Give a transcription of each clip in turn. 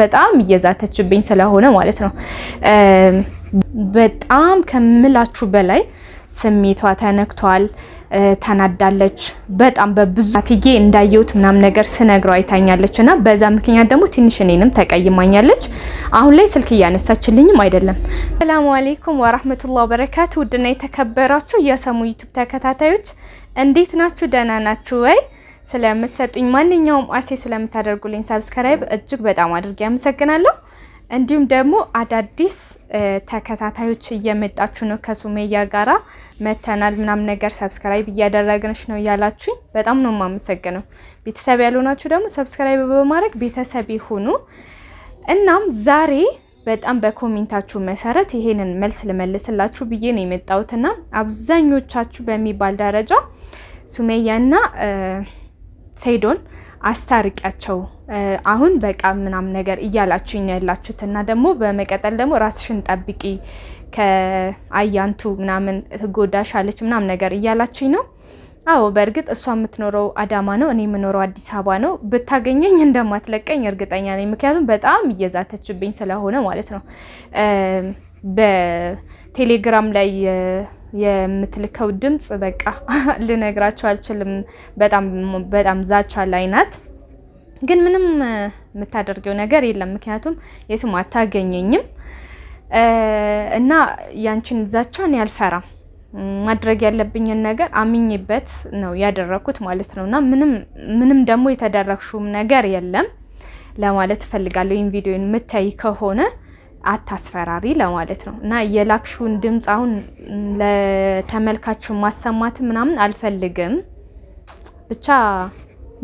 በጣም እየዛተችብኝ ስለሆነ ማለት ነው። በጣም ከምላችሁ በላይ ስሜቷ ተነክቷል። ተናዳለች በጣም በብዙ አትጌ እንዳየሁት ምናምን ነገር ስነግረው አይታኛለች እና በዛ ምክንያት ደግሞ ትንሽ እኔንም ተቀይማኛለች። አሁን ላይ ስልክ እያነሳችልኝም አይደለም። ሰላሙ አሌይኩም ወራህመቱላ ወበረካቱ። ውድና የተከበራችሁ የሰሙ ዩቱብ ተከታታዮች እንዴት ናችሁ? ደህና ናችሁ ወይ? ስለምትሰጡኝ ማንኛውም አሴ ስለምታደርጉልኝ ሰብስክራይብ እጅግ በጣም አድርጌ አመሰግናለሁ። እንዲሁም ደግሞ አዳዲስ ተከታታዮች እየመጣችሁ ነው። ከሱሜያ ጋራ መተናል ምናምን ነገር ሰብስክራይብ እያደረግንች ነው እያላችሁኝ በጣም ነው የማመሰግነው። ቤተሰብ ያልሆናችሁ ደግሞ ሰብስክራይብ በማድረግ ቤተሰብ ይሁኑ። እናም ዛሬ በጣም በኮሜንታችሁ መሰረት ይሄንን መልስ ልመልስላችሁ ብዬ ነው የመጣሁትና አብዛኞቻችሁ በሚባል ደረጃ ሱሜያና ሴዶን አስታርቂያቸው አሁን በቃ ምናምን ነገር እያላችሁኝ ያላችሁት እና ደግሞ በመቀጠል ደግሞ ራስሽን ጠብቂ ከአያንቱ ምናምን ትጎዳሻለች ምናምን ነገር እያላችሁኝ ነው። አዎ በእርግጥ እሷ የምትኖረው አዳማ ነው፣ እኔ የምኖረው አዲስ አበባ ነው። ብታገኘኝ እንደማትለቀኝ እርግጠኛ ነኝ፣ ምክንያቱም በጣም እየዛተችብኝ ስለሆነ ማለት ነው። በቴሌግራም ላይ የምትልከው ድምፅ በቃ ልነግራቸው አልችልም። በጣም ዛቻ ላይ ናት። ግን ምንም የምታደርገው ነገር የለም፣ ምክንያቱም የትም አታገኘኝም እና ያንቺን ዛቻን ያልፈራም ማድረግ ያለብኝን ነገር አምኝበት ነው ያደረኩት ማለት ነው። እና ምንም ደግሞ የተደረግሹም ነገር የለም ለማለት እፈልጋለሁ። ይህን ቪዲዮን የምታይ ከሆነ አታስፈራሪ ለማለት ነው እና የላክሹን ድምፅ አሁን ለተመልካች ማሰማት ምናምን አልፈልግም። ብቻ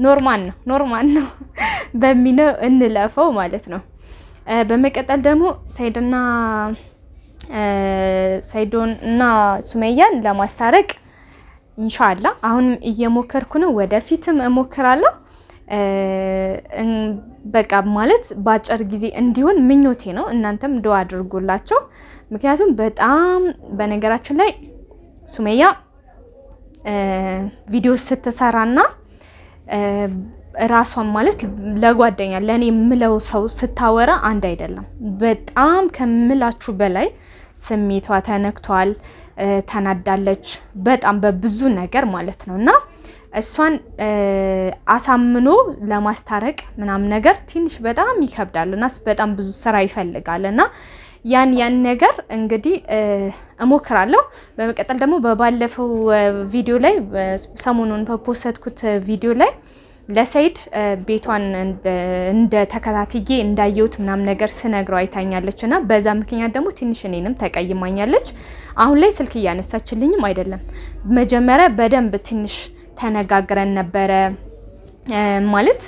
ኖርማል ነው ኖርማል ነው በሚነው እንለፈው ማለት ነው። በመቀጠል ደግሞ ሰይድና ሰይዶን እና ሱሜያን ለማስታረቅ ኢንሻአላህ አሁንም እየሞከርኩ ነው፣ ወደፊትም እሞክራለሁ። በቃ ማለት በአጭር ጊዜ እንዲሆን ምኞቴ ነው። እናንተም ዱአ አድርጉላቸው። ምክንያቱም በጣም በነገራችን ላይ ሱሜያ ቪዲዮ ስትሰራና ራሷን ማለት ለጓደኛ ለእኔ የምለው ሰው ስታወራ አንድ አይደለም። በጣም ከምላችሁ በላይ ስሜቷ ተነክቷል፣ ተናዳለች በጣም በብዙ ነገር ማለት ነው እና እሷን አሳምኖ ለማስታረቅ ምናምን ነገር ትንሽ በጣም ይከብዳል እና በጣም ብዙ ስራ ይፈልጋል እና ያን ያን ነገር እንግዲህ እሞክራለሁ። በመቀጠል ደግሞ በባለፈው ቪዲዮ ላይ ሰሞኑን በፖሰትኩት ቪዲዮ ላይ ለሰይድ ቤቷን እንደ ተከታትዬ እንዳየሁት ምናምን ነገር ስነግረው አይታኛለች እና በዛ ምክንያት ደግሞ ትንሽ እኔንም ተቀይማኛለች። አሁን ላይ ስልክ እያነሳችልኝም አይደለም። መጀመሪያ በደንብ ትንሽ ተነጋግረን ነበረ። ማለት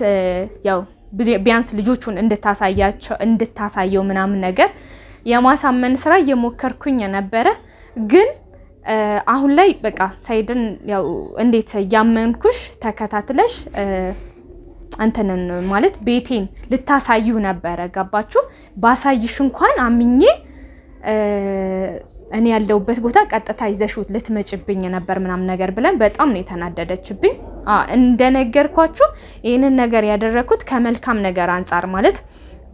ያው ቢያንስ ልጆቹን እንድታሳያቸው እንድታሳየው ምናምን ነገር የማሳመን ስራ እየሞከርኩኝ ነበረ ግን አሁን ላይ በቃ ሳይድን ያው እንዴት እያመንኩሽ ተከታትለሽ እንትንን ማለት ቤቴን ልታሳዩ ነበረ። ገባችሁ? ባሳይሽ እንኳን አምኜ እኔ ያለውበት ቦታ ቀጥታ ይዘሹት ልትመጭብኝ ነበር ምናምን ነገር ብለን በጣም ነው የተናደደችብኝ። እንደነገርኳችሁ ይህንን ነገር ያደረኩት ከመልካም ነገር አንጻር ማለት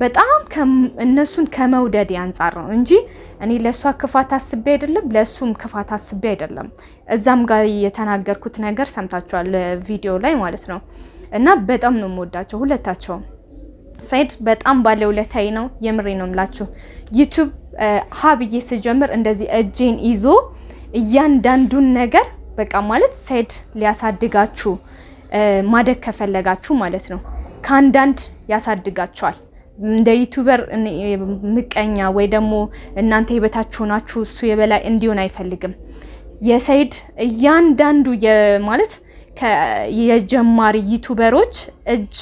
በጣም እነሱን ከመውደድ አንጻር ነው እንጂ እኔ ለእሷ ክፋት አስቤ አይደለም፣ ለእሱም ክፋት አስቤ አይደለም። እዛም ጋር የተናገርኩት ነገር ሰምታችኋል ቪዲዮ ላይ ማለት ነው። እና በጣም ነው የምወዳቸው ሁለታቸውም። ሰኢድ በጣም ባለ ውለታዬ ነው። የምሬ ነው የምላችሁ ዩቱብ ሀ ብዬ ስጀምር እንደዚህ እጄን ይዞ እያንዳንዱን ነገር በቃ ማለት ሴድ ሊያሳድጋችሁ ማደግ ከፈለጋችሁ ማለት ነው ከአንዳንድ ያሳድጋችኋል። እንደ ዩቱበር ምቀኛ ወይ ደግሞ እናንተ የበታችሁ ናችሁ እሱ የበላይ እንዲሆን አይፈልግም። የሰይድ እያንዳንዱ ማለት የጀማሪ ዩቱበሮች እጅ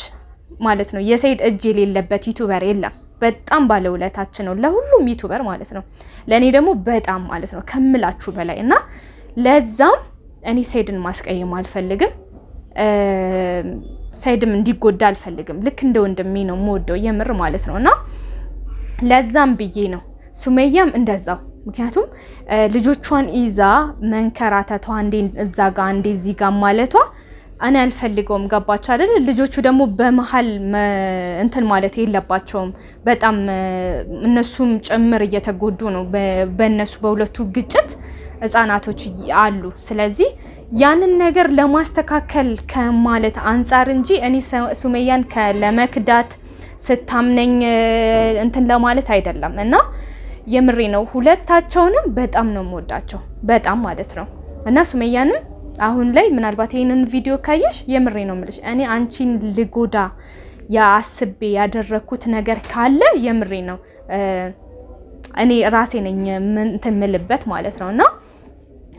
ማለት ነው የሰይድ እጅ የሌለበት ዩቱበር የለም። በጣም ባለውለታችን ነው፣ ለሁሉም ዩቱበር ማለት ነው። ለእኔ ደግሞ በጣም ማለት ነው ከምላችሁ በላይ እና ለዛም እኔ ሰይድን ማስቀየም አልፈልግም። ሰይድም እንዲጎዳ አልፈልግም። ልክ እንደ ወንድሜ ነው የምወደው የምር ማለት ነው እና ለዛም ብዬ ነው ሱመያም እንደዛው ምክንያቱም ልጆቿን ይዛ መንከራተቷ አንዴ እዛ ጋ አንዴ እዚህ ጋ ማለቷ እኔ አልፈልገውም። ገባች አይደል? ልጆቹ ደግሞ በመሀል እንትን ማለት የለባቸውም። በጣም እነሱም ጭምር እየተጎዱ ነው በእነሱ በሁለቱ ግጭት ህጻናቶች አሉ። ስለዚህ ያንን ነገር ለማስተካከል ከማለት አንጻር እንጂ እኔ ሱመያን ለመክዳት ስታምነኝ እንትን ለማለት አይደለም። እና የምሬ ነው። ሁለታቸውንም በጣም ነው የምወዳቸው በጣም ማለት ነው እና ሱመያንም አሁን ላይ ምናልባት ይህንን ቪዲዮ ካየሽ የምሬ ነው ምልሽ፣ እኔ አንቺን ልጎዳ የአስቤ ያደረግኩት ነገር ካለ የምሬ ነው እኔ ራሴ ነኝ ምንትምልበት ማለት ነው እና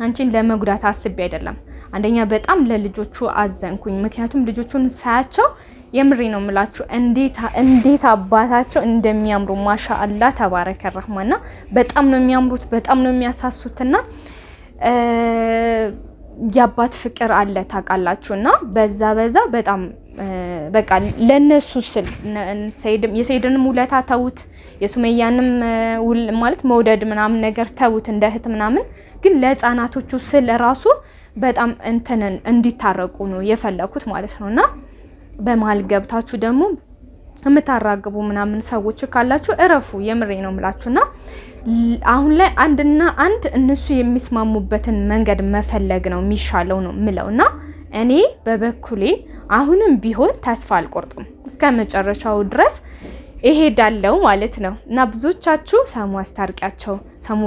አንቺን ለመጉዳት አስቤ አይደለም። አንደኛ በጣም ለልጆቹ አዘንኩኝ። ምክንያቱም ልጆቹን ሳያቸው የምሬ ነው ምላችሁ እንዴት አባታቸው እንደሚያምሩ ማሻ አላ ተባረከ ረህማና በጣም ነው የሚያምሩት፣ በጣም ነው የሚያሳሱትና የአባት ፍቅር አለ ታውቃላችሁ። እና በዛ በዛ በጣም በቃ ለነሱ ስል የሰይድንም ውለታ ተዉት፣ የሱመያንም ማለት መውደድ ምናምን ነገር ተዉት፣ እንደ እህት ምናምን ግን ለህፃናቶቹ ስል ራሱ በጣም እንትንን እንዲታረቁ ነው የፈለኩት ማለት ነው እና በመሀል ገብታችሁ ደግሞ የምታራግቡ ምናምን ሰዎች ካላችሁ እረፉ። የምሬ ነው ምላችሁና አሁን ላይ አንድና አንድ እነሱ የሚስማሙበትን መንገድ መፈለግ ነው የሚሻለው ነው ምለውና እኔ በበኩሌ አሁንም ቢሆን ተስፋ አልቆርጥም እስከ መጨረሻው ድረስ ይሄዳለው ማለት ነው እና ብዙዎቻችሁ ሰሙ አስታርቂያቸው ሰሙ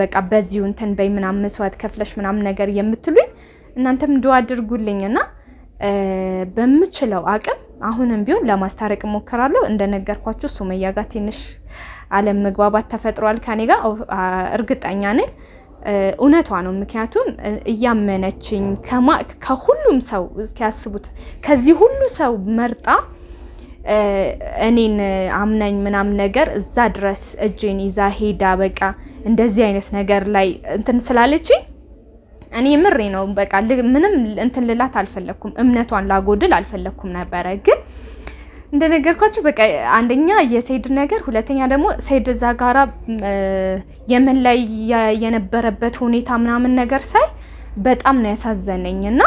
በቃ በዚሁ እንትን በይ ምናምን መስዋዕት ከፍለሽ ምናምን ነገር የምትሉኝ እናንተም ድዋ አድርጉልኝና በምችለው አቅም አሁንም ቢሆን ለማስታረቅ እሞክራለሁ። እንደነገርኳችሁ ሱመያ ጋር ትንሽ አለመግባባት ተፈጥሯል ከኔ ጋር እርግጠኛ ነኝ። እውነቷ ነው። ምክንያቱም እያመነችኝ ከሁሉም ሰው እስኪያስቡት ከዚህ ሁሉ ሰው መርጣ እኔን አምናኝ ምናምን ነገር እዛ ድረስ እጄን ይዛ ሄዳ በቃ እንደዚህ አይነት ነገር ላይ እንትን ስላለችኝ እኔ ምሬ ነው በቃ ምንም እንትን ልላት አልፈለኩም፣ እምነቷን ላጎድል አልፈለኩም ነበረ ግን እንደነገርኳችሁ በቃ አንደኛ የሰይድ ነገር፣ ሁለተኛ ደግሞ ሰይድ እዛ ጋራ የመን ላይ የነበረበት ሁኔታ ምናምን ነገር ሳይ በጣም ነው ያሳዘነኝ እና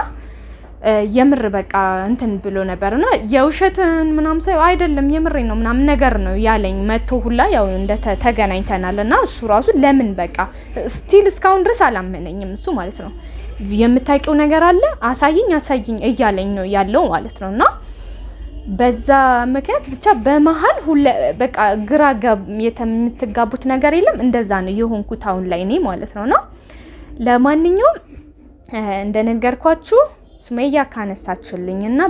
የምር በቃ እንትን ብሎ ነበር እና የውሸትን ምናምን ሰው አይደለም የምሬ ነው ምናምን ነገር ነው ያለኝ። መቶ ሁላ ያው እንደ ተገናኝተናል እና እሱ ራሱ ለምን በቃ ስቲል እስካሁን ድረስ አላመነኝም እሱ ማለት ነው። የምታውቂው ነገር አለ አሳይኝ አሳይኝ እያለኝ ነው ያለው ማለት ነው እና በዛ ምክንያት ብቻ በመሀል በቃ ግራ የምትጋቡት ነገር የለም። እንደዛ ነው የሆንኩት አሁን ላይ እኔ ማለት ነው እና ለማንኛውም እንደነገርኳችሁ ሱመያ ካነሳችልኝ እና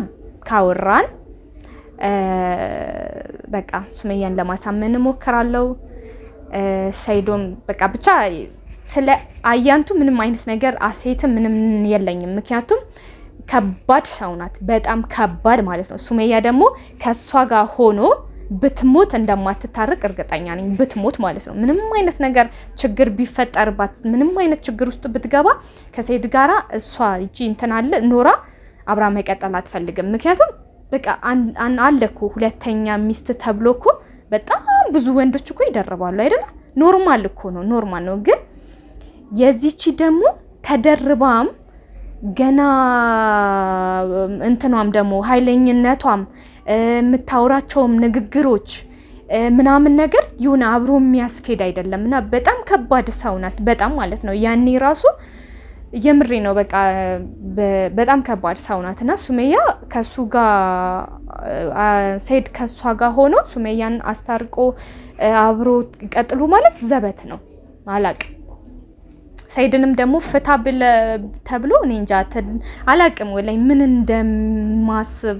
ካወራን በቃ ሱመያን ለማሳመን እሞክራለሁ። ሰይዶም በቃ ብቻ ስለ አያንቱ ምንም አይነት ነገር አሴትም ምንም የለኝም። ምክንያቱም ከባድ ሰው ናት፣ በጣም ከባድ ማለት ነው። ሱመያ ደግሞ ከእሷ ጋር ሆኖ ብትሞት እንደማትታረቅ እርግጠኛ ነኝ። ብትሞት ማለት ነው። ምንም አይነት ነገር ችግር ቢፈጠርባት፣ ምንም አይነት ችግር ውስጥ ብትገባ ከሴት ጋራ እሷ እጂ እንትናለ ኖራ አብራ መቀጠል አትፈልግም። ምክንያቱም በቃ አለኩ ሁለተኛ ሚስት ተብሎ እኮ በጣም ብዙ ወንዶች እኮ ይደርባሉ አይደለም። ኖርማል እኮ ነው፣ ኖርማል ነው። ግን የዚቺ ደግሞ ተደርባም ገና እንትኗም ደግሞ ኃይለኝነቷም የምታወራቸውም ንግግሮች ምናምን ነገር ይሁን አብሮ የሚያስኬድ አይደለም እና በጣም ከባድ ሰው ናት። በጣም ማለት ነው። ያኔ ራሱ የምሬ ነው። በቃ በጣም ከባድ ሰው ናት እና ሱሜያ ከሱ ጋር ሰይድ ከሷ ጋር ሆኖ ሱሜያን አስታርቆ አብሮ ቀጥሉ ማለት ዘበት ነው። አላቅም ሳይድንም ደግሞ ፍታ ብለ ተብሎ እኔ እንጃ አላቅም ወላሂ ምን እንደማስብ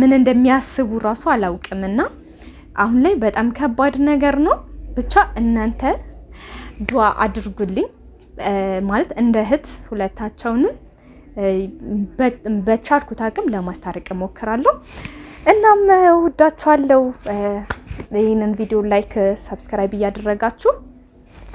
ምን እንደሚያስቡ ራሱ አላውቅም። እና አሁን ላይ በጣም ከባድ ነገር ነው። ብቻ እናንተ ድዋ አድርጉልኝ ማለት እንደ እህት ሁለታቸውንም በቻልኩት አቅም ለማስታረቅ እሞክራለሁ። እናም እወዳችኋለሁ። ይህንን ቪዲዮ ላይክ፣ ሰብስክራይብ እያደረጋችሁ